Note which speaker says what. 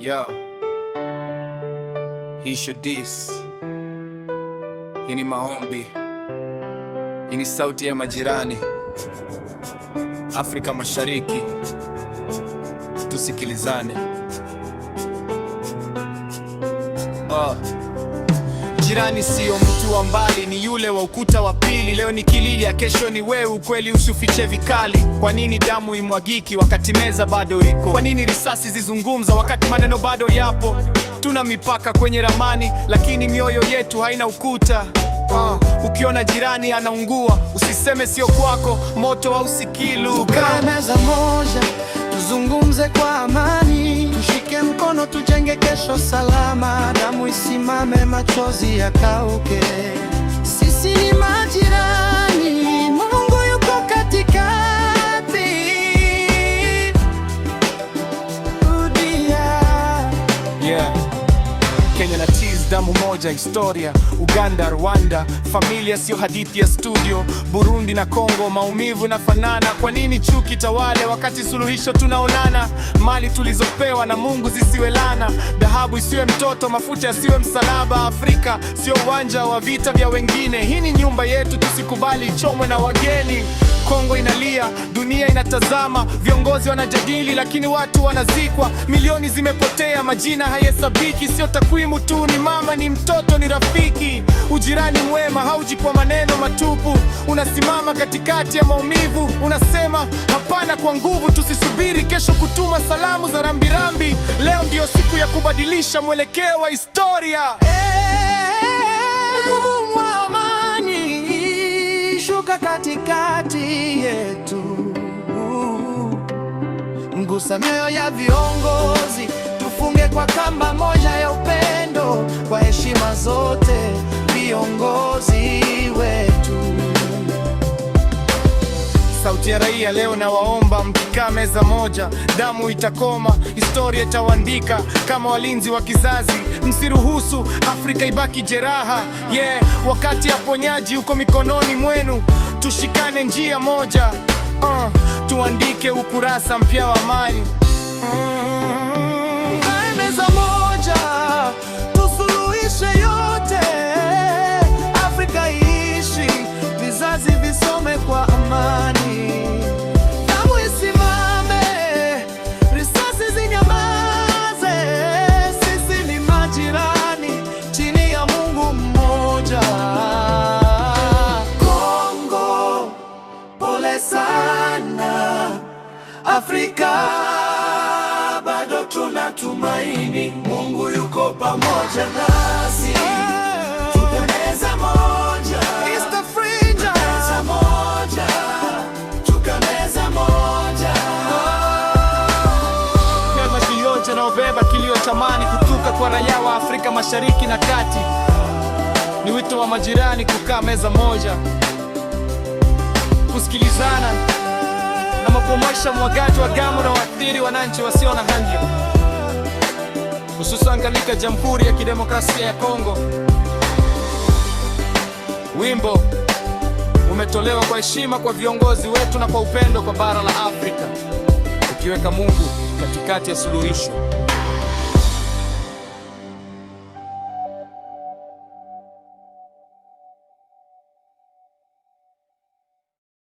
Speaker 1: Yo, hisho dis. Hii ni maombi, hii ni sauti ya majirani Afrika Mashariki, tusikilizane. Oh. Jirani siyo mtu wa mbali, ni yule wa ukuta wa pili. Leo ni kililia, kesho ni wewe. Ukweli usifiche vikali. Kwa nini damu imwagiki wakati meza bado iko? Kwa nini risasi zizungumza wakati maneno bado yapo? Tuna mipaka kwenye ramani, lakini mioyo yetu haina ukuta. Uh, ukiona jirani anaungua usiseme sio kwako, moto hausikii lugha.
Speaker 2: Tukae meza moja, tuzungumze kwa amani tujenge kesho salama, damu isimame, machozi yakauke.
Speaker 1: damu moja, historia Uganda, Rwanda, familia sio hadithi ya studio. Burundi na Kongo, maumivu na fanana. Kwa nini chuki tawale wakati suluhisho tunaonana? Mali tulizopewa na Mungu zisiwe lana, dhahabu isiwe mtoto, mafuta yasiwe msalaba. Afrika sio uwanja wa vita vya wengine, hii ni nyumba yetu, tusikubali ichomwe na wageni. Kongo inalia, dunia inatazama, viongozi wanajadili, lakini watu wanazikwa. Milioni zimepotea, majina hayahesabiki. Sio takwimu tu, ni mama, ni mtoto, ni rafiki. Ujirani mwema hauji kwa maneno matupu, unasimama katikati ya maumivu, unasema hapana kwa nguvu. Tusisubiri kesho kutuma salamu za rambirambi, leo ndiyo siku ya kubadilisha mwelekeo wa historia.
Speaker 2: Hey! Gusa mioyo ya viongozi, tufunge kwa kamba moja ya upendo, kwa heshima zote viongozi wetu.
Speaker 1: Sauti ya raia leo na waomba, mkikaa meza moja, damu itakoma, historia itawandika kama walinzi wa kizazi. Msiruhusu Afrika ibaki jeraha, ye yeah. Wakati ya ponyaji uko mikononi mwenu, tushikane njia moja uh tuandike ukurasa mpya wa amani. Mm-hmm.
Speaker 3: Afrika bado tunatumaini, Mungu yuko pamoja nasi, tukameza moja, tukameza moja,
Speaker 1: moja. na kilio, tamani kutuka kwa raia wa Afrika Mashariki na Kati, ni wito wa majirani kukaa meza moja, kusikilizana na mapromosha mwagaji wa gamu na waathiri wananchi wasio na haja, hususan katika Jamhuri ya Kidemokrasia ya Kongo. Wimbo umetolewa kwa heshima kwa viongozi wetu na kwa upendo kwa bara la Afrika, ukiweka Mungu katikati ya suluhisho.